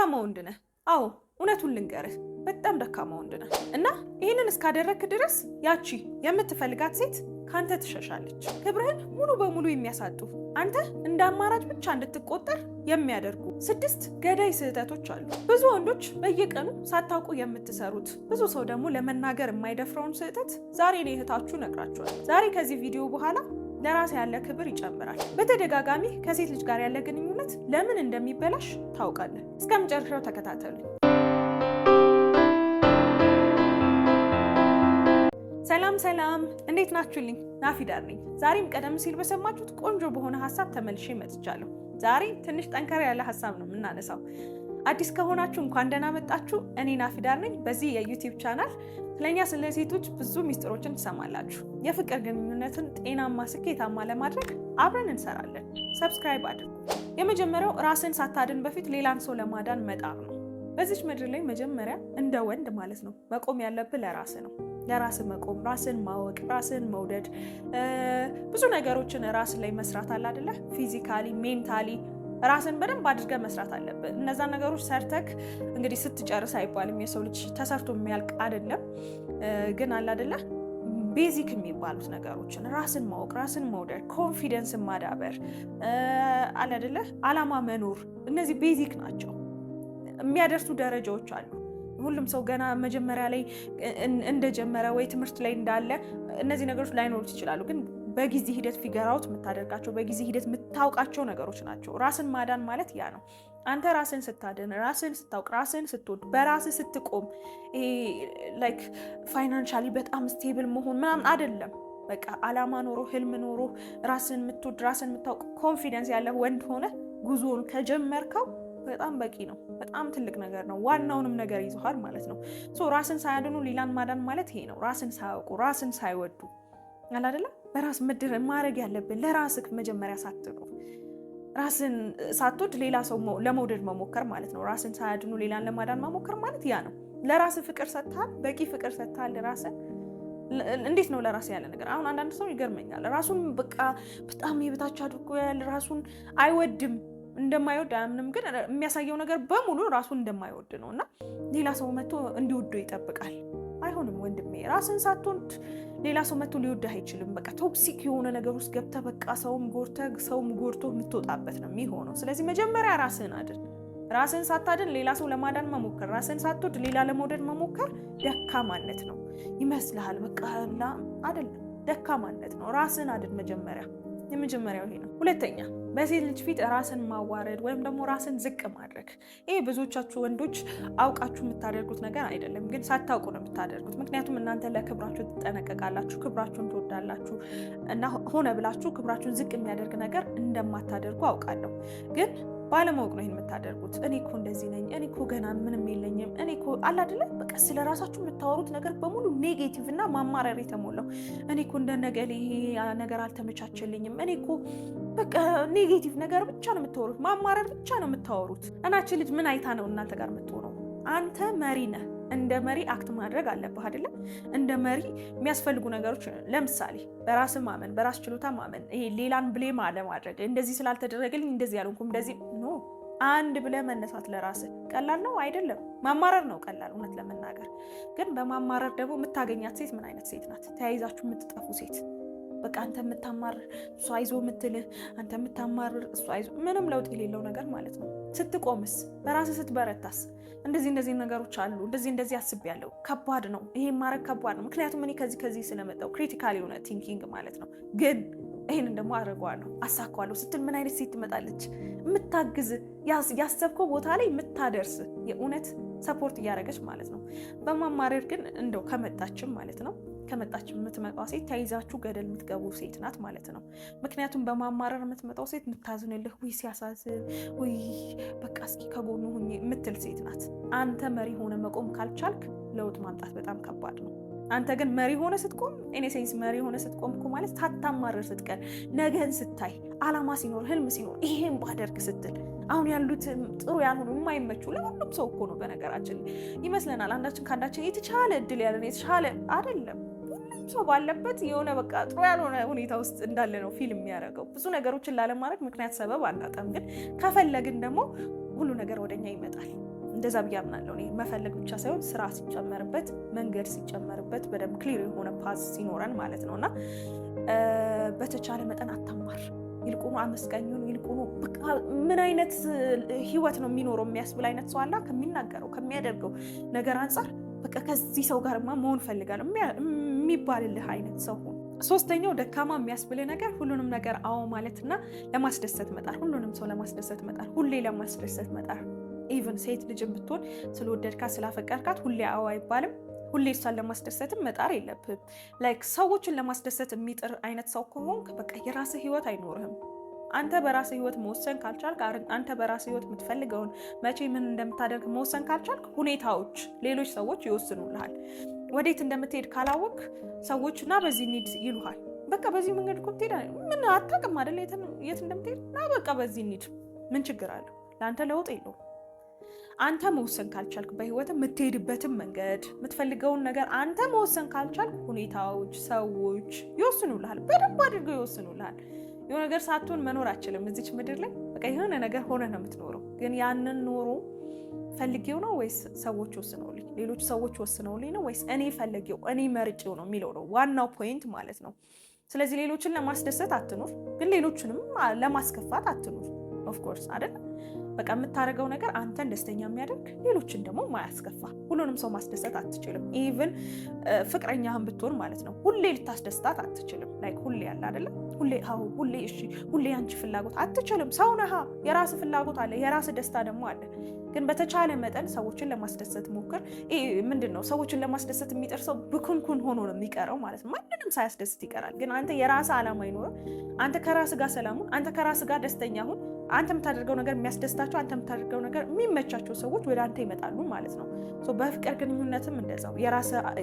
ደካማ ወንድ ነህ። አዎ እውነቱን ልንገርህ በጣም ደካማ ወንድ ነህ። እና ይህንን እስካደረክ ድረስ ያቺ የምትፈልጋት ሴት ከአንተ ትሸሻለች። ክብርህን ሙሉ በሙሉ የሚያሳጡ አንተ እንደ አማራጭ ብቻ እንድትቆጠር የሚያደርጉ ስድስት ገዳይ ስህተቶች አሉ። ብዙ ወንዶች በየቀኑ ሳታውቁ የምትሰሩት፣ ብዙ ሰው ደግሞ ለመናገር የማይደፍረውን ስህተት ዛሬ እኔ እህታችሁ ነግራችኋል። ዛሬ ከዚህ ቪዲዮ በኋላ ለራስ ያለ ክብር ይጨምራል። በተደጋጋሚ ከሴት ልጅ ጋር ያለ ግንኙነት ለምን እንደሚበላሽ ታውቃለህ። እስከ መጨረሻው ተከታተሉ። ሰላም ሰላም፣ እንዴት ናችሁልኝ? ናፊዳር ነኝ። ዛሬም ቀደም ሲል በሰማችሁት ቆንጆ በሆነ ሀሳብ ተመልሼ መጥቻለሁ። ዛሬ ትንሽ ጠንከር ያለ ሀሳብ ነው የምናነሳው። አዲስ ከሆናችሁ እንኳን ደህና መጣችሁ። እኔ ናፊዳር ነኝ። በዚህ የዩቲዩብ ቻናል ስለኛ ስለ ሴቶች ብዙ ሚስጥሮችን ትሰማላችሁ። የፍቅር ግንኙነትን ጤናማ፣ ስኬታማ ለማድረግ አብረን እንሰራለን። ሰብስክራይብ አድርጉ። የመጀመሪያው ራስን ሳታድን በፊት ሌላን ሰው ለማዳን መጣር ነው። በዚች ምድር ላይ መጀመሪያ እንደ ወንድ ማለት ነው መቆም ያለብህ ለራስ ነው። ለራስ መቆም፣ ራስን ማወቅ፣ ራስን መውደድ፣ ብዙ ነገሮችን ራስ ላይ መስራት አለ አይደለ? ፊዚካሊ ሜንታሊ ራስን በደንብ አድርገህ መስራት አለብህ። እነዛ ነገሮች ሰርተክ እንግዲህ ስትጨርስ አይባልም። የሰው ልጅ ተሰርቶ የሚያልቅ አይደለም። ግን አለ አይደለ ቤዚክ የሚባሉት ነገሮችን ራስን ማወቅ፣ ራስን መውደድ፣ ኮንፊደንስን ማዳበር አለ አይደለ አላማ መኖር፣ እነዚህ ቤዚክ ናቸው። የሚያደርሱ ደረጃዎች አሉ። ሁሉም ሰው ገና መጀመሪያ ላይ እንደጀመረ ወይ ትምህርት ላይ እንዳለ እነዚህ ነገሮች ላይኖሩት ይችላሉ ግን በጊዜ ሂደት ፊገራውት የምታደርጋቸው በጊዜ ሂደት የምታውቃቸው ነገሮች ናቸው። ራስን ማዳን ማለት ያ ነው። አንተ ራስን ስታድን፣ ራስን ስታውቅ፣ ራስን ስትወድ፣ በራስ ስትቆም ላይክ ፋይናንሻሊ በጣም ስቴብል መሆን ምናምን አይደለም። በቃ አላማ ኖሮ ህልም ኖሮ ራስን የምትወድ ራስን የምታውቅ ኮንፊደንስ ያለ ወንድ ሆነ ጉዞውን ከጀመርከው በጣም በቂ ነው። በጣም ትልቅ ነገር ነው። ዋናውንም ነገር ይዞሃል ማለት ነው። ሶ ራስን ሳያድኑ ሌላን ማዳን ማለት ይሄ ነው። ራስን ሳያውቁ ራስን ሳይወዱ አላደለም በራስ ምድር ማድረግ ያለብን ለራስህ መጀመሪያ ሳትኖር ራስን ሳትወድ ሌላ ሰው ለመውደድ መሞከር ማለት ነው። ራስን ሳያድኑ ሌላን ለማዳን መሞከር ማለት ያ ነው። ለራስ ፍቅር ሰታል በቂ ፍቅር ሰታል ራስን እንዴት ነው ለራስ ያለ ነገር አሁን አንዳንድ ሰው ይገርመኛል። ራሱን በቃ በጣም የበታች አድርጎ ያል ራሱን አይወድም እንደማይወድ አያምንም፣ ግን የሚያሳየው ነገር በሙሉ ራሱን እንደማይወድ ነው። እና ሌላ ሰው መጥቶ እንዲወዱ ይጠብቃል። አይሆንም ወንድሜ ራስን ሳትወድ ሌላ ሰው መቶ ሊወዳህ አይችልም። በቃ ቶክሲክ የሆነ ነገር ውስጥ ገብተህ በቃ ሰውም ጎርተ ሰውም ጎርቶ የምትወጣበት ነው የሚሆነው። ስለዚህ መጀመሪያ ራስህን አድን። ራስህን ሳታድን ሌላ ሰው ለማዳን መሞከር፣ ራስህን ሳትወድ ሌላ ለመውደድ መሞከር ደካማነት ነው ይመስልሃል። በቃ አይደለም፣ ደካማነት ነው። ራስህን አድን መጀመሪያ። የመጀመሪያው ይሄ ነው። ሁለተኛ በሴት ልጅ ፊት ራስን ማዋረድ ወይም ደግሞ ራስን ዝቅ ማድረግ ይሄ ብዙዎቻችሁ ወንዶች አውቃችሁ የምታደርጉት ነገር አይደለም፣ ግን ሳታውቁ ነው የምታደርጉት። ምክንያቱም እናንተ ለክብራችሁ ትጠነቀቃላችሁ፣ ክብራችሁን ትወዳላችሁ እና ሆነ ብላችሁ ክብራችሁን ዝቅ የሚያደርግ ነገር እንደማታደርጉ አውቃለሁ፣ ግን ባለማወቅ ነው ይህን የምታደርጉት። እኔ እኮ እንደዚህ ነኝ፣ እኔ እኮ ገና ምንም የለኝም፣ እኔ እኮ አላደለ በቃ ስለ ራሳችሁ የምታወሩት ነገር በሙሉ ኔጌቲቭ እና ማማረር የተሞላው እኔ እኮ እንደነገ ይሄ ነገር አልተመቻቸልኝም፣ እኔ እኮ በቃ ኔጌቲቭ ነገር ብቻ ነው የምታወሩት፣ ማማረር ብቻ ነው የምታወሩት። እናች ልጅ ምን አይታ ነው እናንተ ጋር የምትሆነው? አንተ መሪ ነህ። እንደ መሪ አክት ማድረግ አለብህ አይደለም? እንደ መሪ የሚያስፈልጉ ነገሮች ለምሳሌ በራስ ማመን፣ በራስ ችሎታ ማመን፣ ይሄ ሌላን ብሌም አለማድረግ፣ እንደዚህ ስላልተደረገልኝ እንደዚህ ያልሆንኩም እንደዚህ ኖ አንድ ብለህ መነሳት ለራስህ ቀላል ነው አይደለም። ማማረር ነው ቀላል፣ እውነት ለመናገር ግን በማማረር ደግሞ የምታገኛት ሴት ምን አይነት ሴት ናት? ተያይዛችሁ የምትጠፉ ሴት በቃ አንተ የምታማር እሷ አይዞ የምትልህ አንተ የምታማር እሷ አይዞ ምንም ለውጥ የሌለው ነገር ማለት ነው። ስትቆምስ በራስህ ስትበረታስ፣ እንደዚህ እንደዚህ ነገሮች አሉ፣ እንደዚህ እንደዚህ አስቤያለሁ። ከባድ ነው ይሄ ማድረግ ከባድ ነው። ምክንያቱም እኔ ከዚህ ከዚህ ስለመጣው ክሪቲካል የሆነ ቲንኪንግ ማለት ነው። ግን ይህንን ደግሞ አድርገዋለሁ አሳካዋለሁ ስትል ምን አይነት ሴት ትመጣለች? የምታግዝ ያሰብከው ቦታ ላይ የምታደርስ የእውነት ሰፖርት እያደረገች ማለት ነው። በማማረር ግን እንደው ከመጣችም ማለት ነው ከመጣች የምትመጣ ሴት ተይዛችሁ ገደል የምትገቡ ሴት ናት ማለት ነው። ምክንያቱም በማማረር የምትመጣው ሴት የምታዝንልህ ውይ ሲያሳዝን ውይ በቃ እስኪ ከጎኑ ሁኝ የምትል ሴት ናት። አንተ መሪ ሆነ መቆም ካልቻልክ ለውጥ ማምጣት በጣም ከባድ ነው። አንተ ግን መሪ ሆነ ስትቆም ኢኔሴንስ መሪ ሆነ ስትቆም እኮ ማለት ሳታማረር ስትቀር፣ ነገን ስታይ፣ አላማ ሲኖር፣ ህልም ሲኖር ይሄን ባደርግ ስትል አሁን ያሉት ጥሩ ያልሆኑ የማይመቹ ለሁሉም ሰው እኮ ነው። በነገራችን ይመስለናል አንዳችን ከአንዳችን የተቻለ እድል ያለን የተቻለ አይደለም ሰው ባለበት የሆነ በቃ ጥሩ ያልሆነ ሁኔታ ውስጥ እንዳለ ነው ፊልም የሚያደርገው። ብዙ ነገሮችን ላለማድረግ ምክንያት ሰበብ አናጣም፣ ግን ከፈለግን ደግሞ ሁሉ ነገር ወደኛ ይመጣል። እንደዛ ብዬ አምናለሁ። መፈለግ ብቻ ሳይሆን ስራ ሲጨመርበት፣ መንገድ ሲጨመርበት በደንብ ክሊር የሆነ ፓዝ ሲኖረን ማለት ነው እና በተቻለ መጠን አታማር ይልቁኑ አመስጋኙን ይልቁኑ ምን አይነት ህይወት ነው የሚኖረው የሚያስብል አይነት ሰው አላ ከሚናገረው ከሚያደርገው ነገር አንጻር በቃ ከዚህ ሰው ጋርማ መሆን ፈልጋለሁ የሚባልልህ አይነት ሰው ሁን። ሶስተኛው ደካማ የሚያስብል ነገር ሁሉንም ነገር አዎ ማለትና ለማስደሰት መጣር፣ ሁሉንም ሰው ለማስደሰት መጣር፣ ሁሌ ለማስደሰት መጣር። ኢቨን ሴት ልጅ ብትሆን ስለወደድካት ስላፈቀርካት ሁሌ አዎ አይባልም። ሁሌ እሷን ለማስደሰትም መጣር የለብህም። ላይክ ሰዎችን ለማስደሰት የሚጥር አይነት ሰው ከሆንክ በቃ የራስህ ህይወት አይኖርህም። አንተ በራስህ ህይወት መወሰን ካልቻልክ፣ አንተ በራስህ ህይወት የምትፈልገውን መቼ ምን እንደምታደርግ መወሰን ካልቻልክ፣ ሁኔታዎች ሌሎች ሰዎች ይወስኑልሃል። ወዴት እንደምትሄድ ካላወቅ ሰዎችና በዚህ እንሂድ ይሉሃል። በቃ በዚህ መንገድ እኮ ትሄዳ ምን አታውቅም አይደለ? የት እንደምትሄድ ና በቃ በዚህ እንሂድ። ምን ችግር አለው? ለአንተ ለውጥ የለውም። አንተ መወሰን ካልቻልክ በህይወት የምትሄድበትን መንገድ የምትፈልገውን ነገር አንተ መወሰን ካልቻልክ ሁኔታዎች፣ ሰዎች ይወስኑልሃል። በደንብ አድርገው ይወስኑልሃል። የሆነ ነገር ሳትሆን መኖር አችልም እዚች ምድር ላይ በቃ የሆነ ነገር ሆነ ነው የምትኖረው። ግን ያንን ኖሮ ፈልጌው ነው ወይስ ሰዎች ወስነውልኝ? ሌሎች ሰዎች ወስነውልኝ ነው ወይስ እኔ ፈለጌው እኔ መርጬው ነው የሚለው ነው ዋናው ፖይንት ማለት ነው። ስለዚህ ሌሎችን ለማስደሰት አትኑር፣ ግን ሌሎችንም ለማስከፋት አትኑር። ኦፍኮርስ አይደል በቃ የምታደርገው ነገር አንተን ደስተኛ የሚያደርግ ሌሎችን ደግሞ ማያስከፋ። ሁሉንም ሰው ማስደሰት አትችልም። ኢቭን ፍቅረኛህን ብትሆን ማለት ነው ሁሌ ልታስደስታት አትችልም። ላይክ ሁሌ ያለ አይደለም ሁሌ አዎ፣ ሁሌ እሺ፣ ሁሌ አንቺ ፍላጎት አትችልም። ሰው ነህ፣ የራስ ፍላጎት አለ፣ የራስ ደስታ ደግሞ አለ። ግን በተቻለ መጠን ሰዎችን ለማስደሰት ሞክር። ምንድን ነው ሰዎችን ለማስደሰት የሚጥር ሰው ብኩንኩን ሆኖ ነው የሚቀረው ማለት ነው። ማንንም ሳያስደስት ይቀራል። ግን አንተ የራስ ዓላማ ይኖር፣ አንተ ከራስ ጋር ሰላሙን፣ አንተ ከራስ ጋር ደስተኛ ሁን። አንተ የምታደርገው ነገር የሚያስደስታቸው፣ አንተ የምታደርገው ነገር የሚመቻቸው ሰዎች ወደ አንተ ይመጣሉ ማለት ነው። በፍቅር ግንኙነትም እንደዛው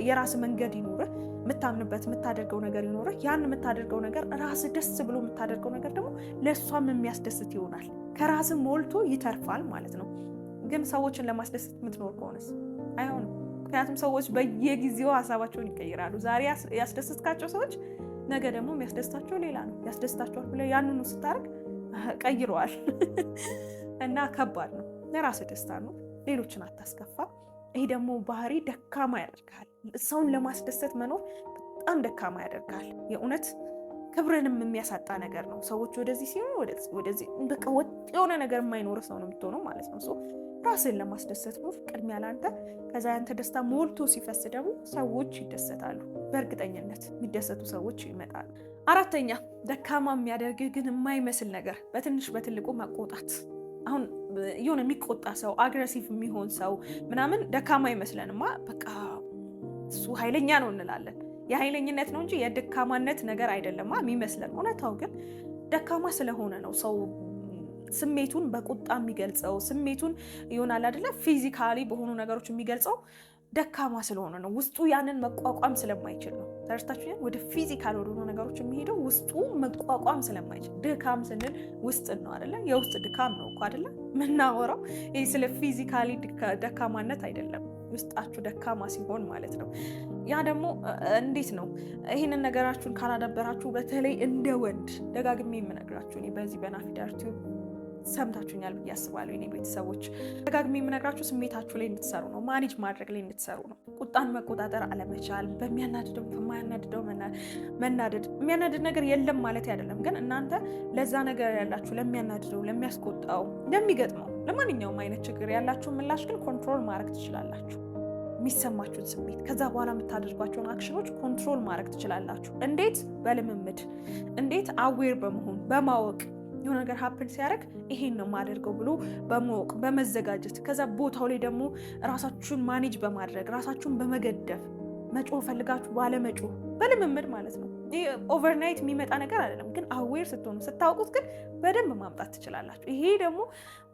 የራስ መንገድ ይኖርህ፣ የምታምንበት የምታደርገው ነገር ይኖርህ። ያን የምታደርገው ነገር ራስ ደስ ብሎ የምታደርገው ነገር ደግሞ ለእሷም የሚያስደስት ይሆናል። ከራስ ሞልቶ ይተርፋል ማለት ነው። ግን ሰዎችን ለማስደሰት የምትኖር ከሆነስ አይሆንም። ምክንያቱም ሰዎች በየጊዜው ሀሳባቸውን ይቀይራሉ። ዛሬ ያስደስትካቸው ሰዎች ነገ ደግሞ የሚያስደስታቸው ሌላ ነው። ያስደስታቸዋል ብለህ ያንኑ ስታደርግ ቀይረዋል እና ከባድ ነው። ለራስ ደስታ ነው፣ ሌሎችን አታስከፋ። ይሄ ደግሞ ባህሪ ደካማ ያደርጋል። ሰውን ለማስደሰት መኖር በጣም ደካማ ያደርጋል። የእውነት ክብርንም የሚያሳጣ ነገር ነው። ሰዎች ወደዚህ ሲሆን ወደዚህ በቃ ወጥ የሆነ ነገር የማይኖር ሰው ነው የምትሆነው ማለት ነው። ራስን ለማስደሰት ኑር፣ ቅድሚያ ለአንተ። ከዛ ያንተ ደስታ ሞልቶ ሲፈስ ደግሞ ሰዎች ይደሰታሉ። በእርግጠኝነት የሚደሰቱ ሰዎች ይመጣሉ። አራተኛ ደካማ የሚያደርግ ግን የማይመስል ነገር በትንሽ በትልቁ መቆጣት። አሁን የሆነ የሚቆጣ ሰው አግሬሲቭ የሚሆን ሰው ምናምን ደካማ አይመስለንማ። በቃ እሱ ኃይለኛ ነው እንላለን። የኃይለኝነት ነው እንጂ የደካማነት ነገር አይደለማ የሚመስለን። እውነታው ግን ደካማ ስለሆነ ነው ሰው ስሜቱን በቁጣ የሚገልጸው ስሜቱን ይሆናል አደለ ፊዚካሊ በሆኑ ነገሮች የሚገልጸው ደካማ ስለሆነ ነው። ውስጡ ያንን መቋቋም ስለማይችል ነው። ተረስታችሁኛል። ወደ ፊዚካል ወደሆኑ ነገሮች የሚሄደው ውስጡ መቋቋም ስለማይችል ድካም ስንል ውስጥ ነው አደለ? የውስጥ ድካም ነው እኮ አደለ? ምናወራው። ይህ ስለ ፊዚካሊ ደካማነት አይደለም። ውስጣችሁ ደካማ ሲሆን ማለት ነው። ያ ደግሞ እንዴት ነው? ይህንን ነገራችሁን ካላዳበራችሁ፣ በተለይ እንደ ወንድ ደጋግሜ የምነግራችሁ በዚህ በናፊዳር ቲዩብ ሰምታችሁኛል ብዬ አስባለሁ። የኔ ቤተሰቦች ደጋግሜ የምነግራችሁ ስሜታችሁ ላይ እንድትሰሩ ነው፣ ማኔጅ ማድረግ ላይ እንድትሰሩ ነው። ቁጣን መቆጣጠር አለመቻል፣ በሚያናድደው በማያናድደው መናደድ። የሚያናድድ ነገር የለም ማለት አይደለም፣ ግን እናንተ ለዛ ነገር ያላችሁ ለሚያናድደው፣ ለሚያስቆጣው፣ ለሚገጥመው ለማንኛውም አይነት ችግር ያላችሁ ምላሽ ግን ኮንትሮል ማድረግ ትችላላችሁ። የሚሰማችሁን ስሜት ከዛ በኋላ የምታደርጓቸውን አክሽኖች ኮንትሮል ማድረግ ትችላላችሁ። እንዴት? በልምምድ እንዴት? አዌር በመሆን በማወቅ የሆነ ነገር ሀፕን ሲያደርግ ይሄን ነው የማደርገው ብሎ በማወቅ በመዘጋጀት ከዛ ቦታው ላይ ደግሞ ራሳችሁን ማኔጅ በማድረግ ራሳችሁን በመገደፍ መጮህ ፈልጋችሁ ባለመጮህ በልምምድ ማለት ነው። ኦቨርናይት የሚመጣ ነገር አይደለም፣ ግን አዌር ስትሆኑ ስታውቁት ግን በደንብ ማምጣት ትችላላችሁ። ይሄ ደግሞ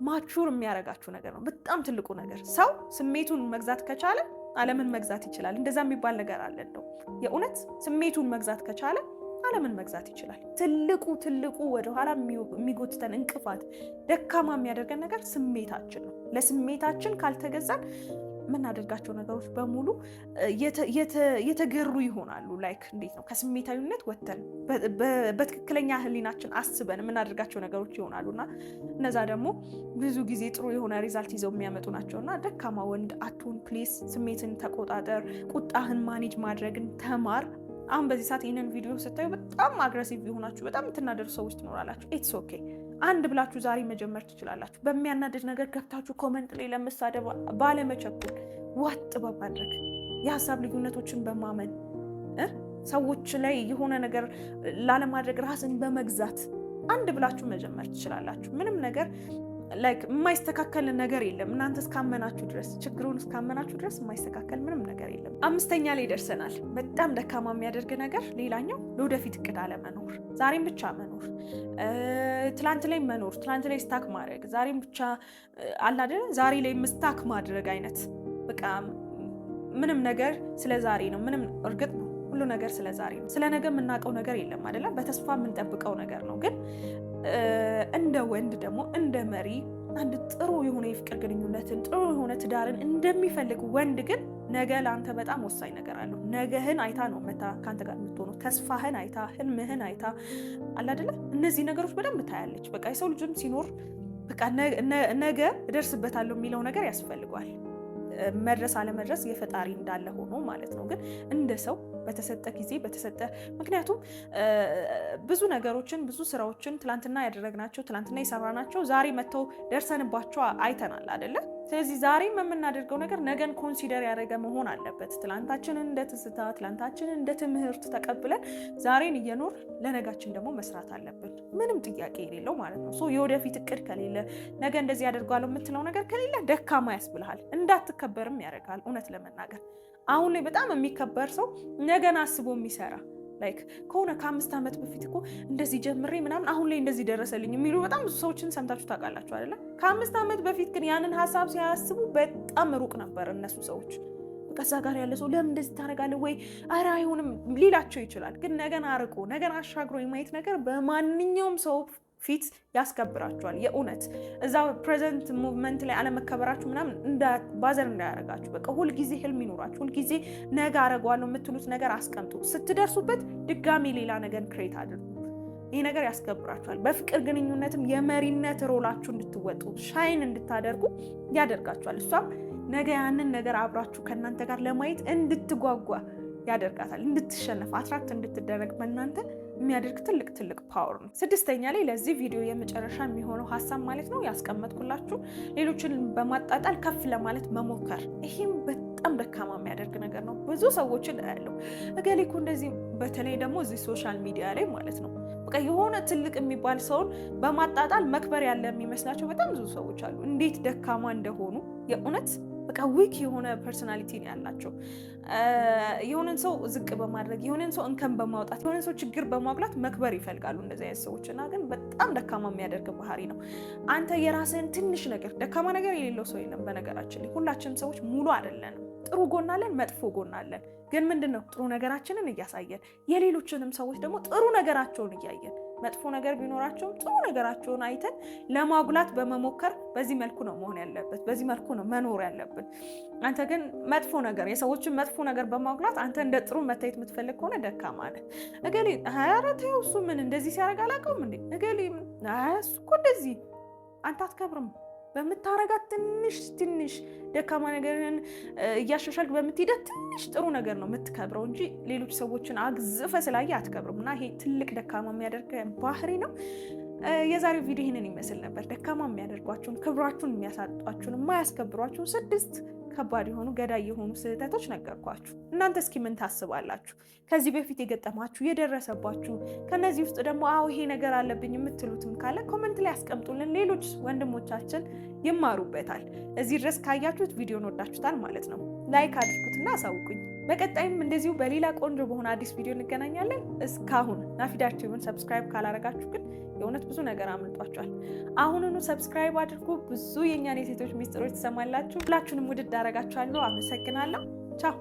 ማቹር የሚያደርጋችሁ ነገር ነው። በጣም ትልቁ ነገር ሰው ስሜቱን መግዛት ከቻለ ዓለምን መግዛት ይችላል። እንደዛ የሚባል ነገር አለ። እንደው የእውነት ስሜቱን መግዛት ከቻለ ዓለምን መግዛት ይችላል። ትልቁ ትልቁ ወደኋላ የሚጎትተን እንቅፋት፣ ደካማ የሚያደርገን ነገር ስሜታችን ነው። ለስሜታችን ካልተገዛን የምናደርጋቸው ነገሮች በሙሉ የተገሩ ይሆናሉ። ላይክ እንዴት ነው ከስሜታዊነት ወጥተን በትክክለኛ ህሊናችን አስበን የምናደርጋቸው ነገሮች ይሆናሉ እና እነዛ ደግሞ ብዙ ጊዜ ጥሩ የሆነ ሪዛልት ይዘው የሚያመጡ ናቸው እና ደካማ ወንድ አትሁን ፕሊስ። ስሜትን ተቆጣጠር፣ ቁጣህን ማኔጅ ማድረግን ተማር። አሁን በዚህ ሰዓት ይህንን ቪዲዮ ስታዩ በጣም አግረሲቭ የሆናችሁ በጣም የምትናደዱ ሰዎች ትኖራላችሁ። ኢትስ ኦኬ አንድ ብላችሁ ዛሬ መጀመር ትችላላችሁ። በሚያናድድ ነገር ገብታችሁ ኮመንት ላይ ለመሳደብ ባለመቸኩል፣ ዋጥ በማድረግ የሀሳብ ልዩነቶችን በማመን ሰዎች ላይ የሆነ ነገር ላለማድረግ ራስን በመግዛት አንድ ብላችሁ መጀመር ትችላላችሁ። ምንም ነገር ላይክ የማይስተካከል ነገር የለም። እናንተ እስካመናችሁ ድረስ ችግሩን እስካመናችሁ ድረስ የማይስተካከል ምንም ነገር የለም። አምስተኛ ላይ ደርሰናል። በጣም ደካማ የሚያደርግ ነገር ሌላኛው ለወደፊት እቅድ አለመኖር፣ ዛሬም ብቻ መኖር፣ ትላንት ላይ መኖር፣ ትላንት ላይ ስታክ ማድረግ፣ ዛሬም ብቻ አላደለ ዛሬ ላይ ምስታክ ማድረግ አይነት በቃ ምንም ነገር ስለ ዛሬ ነው። ምንም እርግጥ ነው ሁሉ ነገር ስለ ዛሬ ነው። ስለ ነገ የምናውቀው ነገር የለም አይደለም። በተስፋ የምንጠብቀው ነገር ነው ግን እንደ ወንድ ደግሞ እንደ መሪ አንድ ጥሩ የሆነ የፍቅር ግንኙነትን ጥሩ የሆነ ትዳርን እንደሚፈልግ ወንድ ግን ነገ ለአንተ በጣም ወሳኝ ነገር አለው። ነገህን አይታ ነው መታ ከአንተ ጋር የምትሆነው። ተስፋህን አይታ ህልምህን አይታ አላደለ እነዚህ ነገሮች በደንብ ታያለች። በቃ የሰው ልጅም ሲኖር በቃ ነገ እደርስበታለሁ የሚለው ነገር ያስፈልገዋል። መድረስ አለመድረስ የፈጣሪ እንዳለ ሆኖ ማለት ነው። ግን እንደ ሰው በተሰጠ ጊዜ በተሰጠ ምክንያቱም ብዙ ነገሮችን ብዙ ስራዎችን ትላንትና ያደረግናቸው ትላንትና የሰራናቸው ዛሬ መጥተው ደርሰንባቸው አይተናል አይደለም ስለዚህ ዛሬም የምናደርገው ነገር ነገን ኮንሲደር ያደረገ መሆን አለበት። ትላንታችንን እንደ ትዝታ፣ ትላንታችንን እንደ ትምህርት ተቀብለን ዛሬን እየኖር ለነጋችን ደግሞ መስራት አለብን። ምንም ጥያቄ የሌለው ማለት ነው። የወደፊት እቅድ ከሌለ ነገ እንደዚህ ያደርጓለሁ የምትለው ነገር ከሌለ ደካማ ያስብልሃል፣ እንዳትከበርም ያደርጋል። እውነት ለመናገር አሁን ላይ በጣም የሚከበር ሰው ነገን አስቦ የሚሰራ ላይክ ከሆነ ከአምስት ዓመት በፊት እኮ እንደዚህ ጀምሬ ምናምን አሁን ላይ እንደዚህ ደረሰልኝ የሚሉ በጣም ብዙ ሰዎችን ሰምታችሁ ታውቃላችሁ አይደለ? ከአምስት ዓመት በፊት ግን ያንን ሀሳብ ሲያስቡ በጣም ሩቅ ነበር እነሱ ሰዎች። ከዛ ጋር ያለ ሰው ለምን እንደዚህ ታደርጋለህ ወይ ኧረ አይሆንም ሊላቸው ይችላል። ግን ነገን አርቆ ነገን አሻግሮ የማየት ነገር በማንኛውም ሰው ፊት ያስከብራችኋል። የእውነት እዛ ፕሬዘንት ሙቭመንት ላይ አለመከበራችሁ ምናምን እንዳ ባዘር እንዳያረጋችሁ። በቃ ሁልጊዜ ህልም ይኖራችሁ፣ ሁልጊዜ ነገ አረገዋለሁ የምትሉት ነገር አስቀምጡ። ስትደርሱበት ድጋሚ ሌላ ነገር ክሬት አድርጉ። ይህ ነገር ያስከብራችኋል። በፍቅር ግንኙነትም የመሪነት ሮላችሁ እንድትወጡ ሻይን እንድታደርጉ ያደርጋችኋል። እሷም ነገ ያንን ነገር አብራችሁ ከእናንተ ጋር ለማየት እንድትጓጓ ያደርጋታል። እንድትሸነፍ አትራክት እንድትደረግ በእናንተ የሚያደርግ ትልቅ ትልቅ ፓወር ነው። ስድስተኛ ላይ ለዚህ ቪዲዮ የመጨረሻ የሚሆነው ሀሳብ ማለት ነው ያስቀመጥኩላችሁ ሌሎችን በማጣጣል ከፍ ለማለት መሞከር። ይህም በጣም ደካማ የሚያደርግ ነገር ነው። ብዙ ሰዎችን ያለው እገሌ እኮ እንደዚህ፣ በተለይ ደግሞ እዚህ ሶሻል ሚዲያ ላይ ማለት ነው በቃ የሆነ ትልቅ የሚባል ሰውን በማጣጣል መክበር ያለ የሚመስላቸው በጣም ብዙ ሰዎች አሉ። እንዴት ደካማ እንደሆኑ የእውነት በቃ ዊክ የሆነ ፐርሶናሊቲ ነው ያላቸው። የሆነን ሰው ዝቅ በማድረግ የሆነን ሰው እንከን በማውጣት የሆነን ሰው ችግር በማጉላት መክበር ይፈልጋሉ እንደዚህ አይነት ሰዎች እና ግን በጣም ደካማ የሚያደርግ ባህሪ ነው። አንተ የራስህን ትንሽ ነገር ደካማ ነገር የሌለው ሰው የለም። በነገራችን ላይ ሁላችንም ሰዎች ሙሉ አይደለንም። ጥሩ ጎን አለን፣ መጥፎ ጎናለን። ግን ምንድን ነው ጥሩ ነገራችንን እያሳየን የሌሎችንም ሰዎች ደግሞ ጥሩ ነገራቸውን እያየን መጥፎ ነገር ቢኖራቸውም ጥሩ ነገራቸውን አይተን ለማጉላት በመሞከር በዚህ መልኩ ነው መሆን ያለበት፣ በዚህ መልኩ ነው መኖር ያለብን። አንተ ግን መጥፎ ነገር የሰዎችን መጥፎ ነገር በማጉላት አንተ እንደ ጥሩ መታየት የምትፈልግ ከሆነ ደካማ ነህ። እገሌ ኧረ ተይው እሱ ምን እንደዚህ ሲያደርግ አላውቀውም እንዴ እገሌ እሱ እኮ እንደዚህ አንተ አትከብርም በምታረጋት ትንሽ ትንሽ ደካማ ነገርን እያሻሻልክ በምትሄዳት ትንሽ ጥሩ ነገር ነው የምትከብረው እንጂ ሌሎች ሰዎችን አግዝፈ ስላየ አትከብርም። እና ይሄ ትልቅ ደካማ የሚያደርግ ባህሪ ነው። የዛሬው ቪዲዮ ይህንን ይመስል ነበር። ደካማ የሚያደርጓችሁን፣ ክብራችሁን የሚያሳጧችሁን፣ የማያስከብሯችሁን ስድስት ከባድ የሆኑ ገዳይ የሆኑ ስህተቶች ነገርኳችሁ። እናንተ እስኪ ምን ታስባላችሁ? ከዚህ በፊት የገጠማችሁ የደረሰባችሁ፣ ከነዚህ ውስጥ ደግሞ አዎ ይሄ ነገር አለብኝ የምትሉትም ካለ ኮመንት ላይ ያስቀምጡልን። ሌሎች ወንድሞቻችን ይማሩበታል። እዚህ ድረስ ካያችሁት ቪዲዮን ወዳችሁታል ማለት ነው። ላይክ አድርጉትና አሳውቁኝ። በቀጣይም እንደዚሁ በሌላ ቆንጆ በሆነ አዲስ ቪዲዮ እንገናኛለን። እስካሁን ናፊዳችሁን ሰብስክራይብ ካላረጋችሁ ግን የእውነት ብዙ ነገር አምልጧቸዋል። አሁኑኑ ሰብስክራይብ አድርጉ። ብዙ የእኛን የሴቶች ሚስጥሮች ትሰማላችሁ። ሁላችሁንም ውድድ አረጋችኋለሁ። አመሰግናለሁ። ቻው